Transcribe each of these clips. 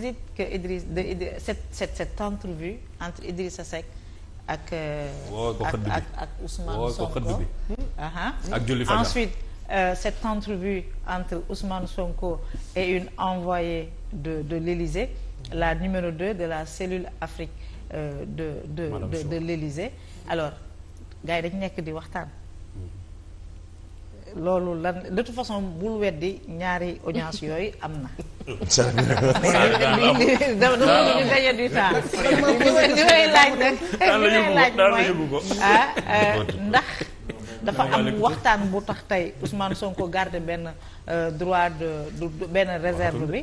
dire que de Idriss cette cette cette entrevue entre Idrissa Seck ak. Euh, ak ak Ousmane Sonko. Ah, ah. ak Julli Fada ensuite euh, cette entrevue entre Ousmane Sonko et une envoyé de de l'Élysée la numéro deux de la cellule Afrique euh, de de Madame de de, de l'Élysée alors gars dañ nekk di waxtaan. Hmm. loolu lan de toute façon bul weddi ñaari audience yooyu am na. dañu ndax dafa am waxtaan bu tax tey Ousmane Sonko garde benn droit de benn réserve bi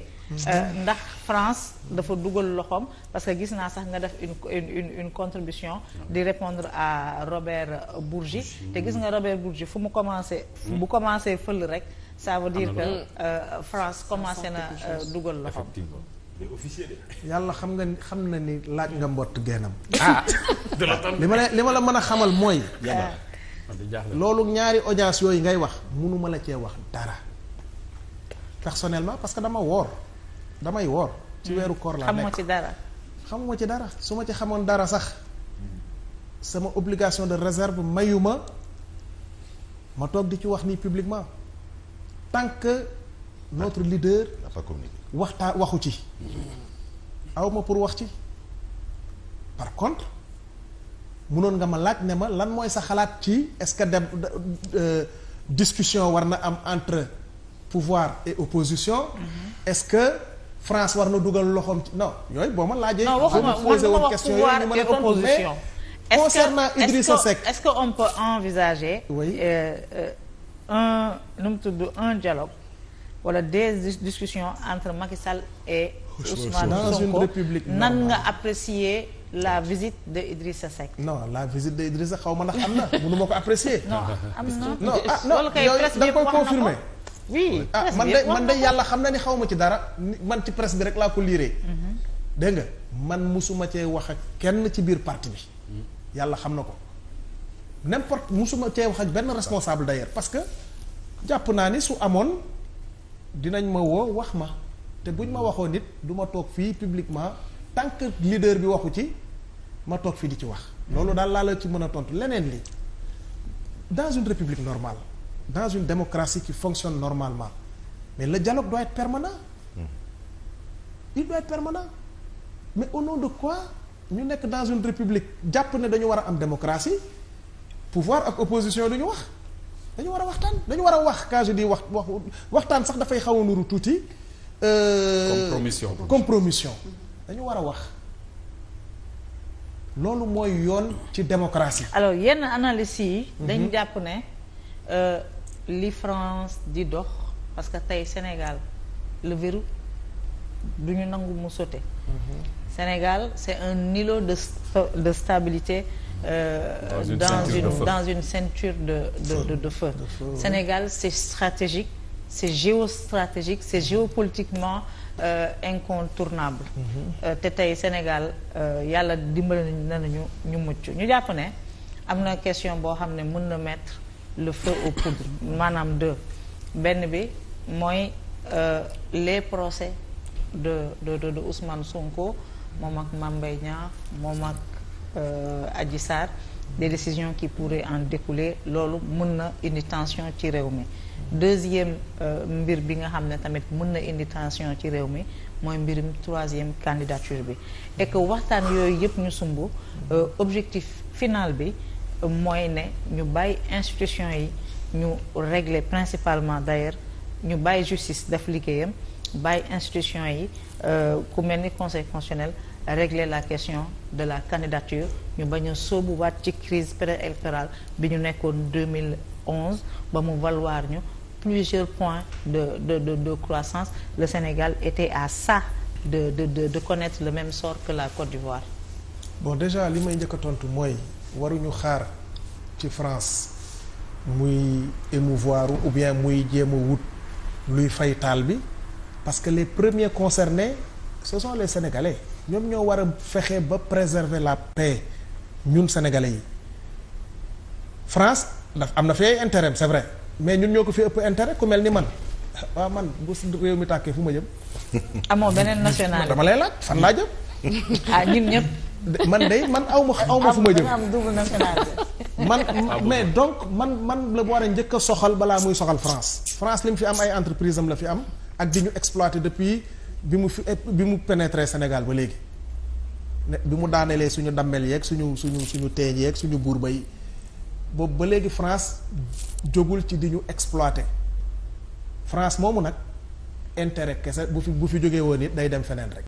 ndax France dafa dugal loxoom parce que gis naa sax nga def une une contribution di répondre à Robert Bourgi te gis nga Robert Bourgi fu mu commencé bu commencé fël rek ça veut dire que euh, France commencé na euh, dugal loxoom. effectivement les yàlla xam nga xam na ni laaj nga mbott geenam. ah li ma la li ma la mën a xamal mooy. loolu ñaari audience yooyu ngay wax mënuma la cee wax dara. personnellement parce que dama woor damay woor. ci hmm. weeru koor la nekk xamuma ci dara. xamuma ci dara su ma ci xamoon dara sax sama obligation de réserve mayuma ma toog di ci wax nii publiquement tant que notre leader. n'a pas waxtaa waxu ci. awma pour wax ci. par contre munoon nga ma laaj ne ma lan mooy sa xalaat ci est-ce que dem euh, discussion war na am entre pouvoir et opposition. Mm-hmm. est-ce que France war na dugal loxoom ci non yooyu boo ma laajee. non waxuma waxuma wax pouvoir et est-ce que est on peut envisager. oui. Euh, euh, un nu mu tudd un dialogue wala des discussions entre Macky Sall et Ousmane Sonko nan nga apprécier la visite de Idrissa Seck. non la visite de Idrissa xaw ma ndax am na mënu ma ko apprécier. non am na non ah non da nga koy confirmer oui ah man de man de yàlla xam na ni xaw ma ci dara man ci presse bi rek laa ko liiree. Mhm. dégg nga man musuma cee wax ak kenn ci biir parti bi. Mhm. yàlla xam na ko n'importe musuma cee wax ak benn responsable d'ailleurs parce que. jàpp naa ni su amoon dinañ ma woo wax ma te buñ ma waxoon nit du ma toog fii publiquement tant que leader bi waxu ci ma toog fii di ci wax loolu daal laa la ci mën a tontu leneen li dans une république normale dans une démocratie qui fonctionne normalement mais le dialogue doit être permanent hmm. il doit permanent mais au nom de quoi ñu nekk dans une république jàpp ne dañu war a am démocratie pouvoir ak opposition du ñu wax dañu war a waxtaan dañu war a wax quand je dis wax waxtaan sax dafay xaw a nuru tuuti. Euh, compromission compromission. dañu war a wax. loolu mooy yoon ci démocratie. alo yenn analyse yi. Mhm. dañ jàpp ne euh, li France di dox parce que tey Sénégal le verrou du ñu nangu mu sauter. Mhm. Sénégal c'est un nilo de de stabilité. Euh, dans une dans une ceinture de de de feu. Sénégal c'est stratégique c'est géostratégique c'est géopolitiquement euh, incontournable. Mhm. Euh, te tey Sénégal yàlla dimbali nañu ñu mucc ñu jàpp ne am na question boo xam ne mën na mettre le feu aux poudres maanaam deux benn bi mooy les procès de de de Ousmane Sonko moom ak Mame moom ak. Euh, Adji Sarr des décisions qui pourraient en découler loolu mën na indi tension ci réew mi deuxième euh, mbir bi nga xam ne tamit mën na indi tension ci réew mi mooy mbirum troisième candidature bi et que waxtaan yooyu yëpp ñu sumb euh, objectif final bi mooy ne ñu bàyyi institution yi ñu régler principalement d'ailleurs ñu bàyyi justice daf liggéeyam bàyyi institution yi ku mel ni conseil constitutionnel régler la question de la candidature ñu bañ a sóobuwaat ci crise préélectorale bi ñu nekkoon 2011 ba mu valoir ñu plusieurs points de de de de croissance le Sénégal était à ça de de de de le même sort que la Côte d'Ivoire. bon déjà li may njëkk tontu mooy waruñu xaar ci France muy émouvoir ou bien muy jéem a wut luy fay taal bi parce que les premiers concernés ce sont les Sénégalais. ñoom ñoo war a fexe ba préserver la paix ñun sénégalais yi France daf am na fee ay intérêt c'est vrai mais ñun ñoo ko fi ëpp intérêt ku mel ni man waaw man bu réew mi tàkkee fu ma jëm. amoo beneen nationalité dama lay laaj fan laa jëm. Ah, man de man aw ma aw ma fu ma jëm man ah, mais donc man man la war a njëkk soxal balaa muy soxal France France li fi am ay entreprise am la fi am ak di ñu exploiter depuis bi mu fi bi mu pénétrer Sénégal ba léegi bi mu daanelee suñu dammel yeeg suñu suñu suñu teeñ yeeg suñu buur bay boobu ba léegi France jogul ci di ñu exploiter France moomu nag intérêt kese bu fi bu fi jógee woon it day dem feneen rek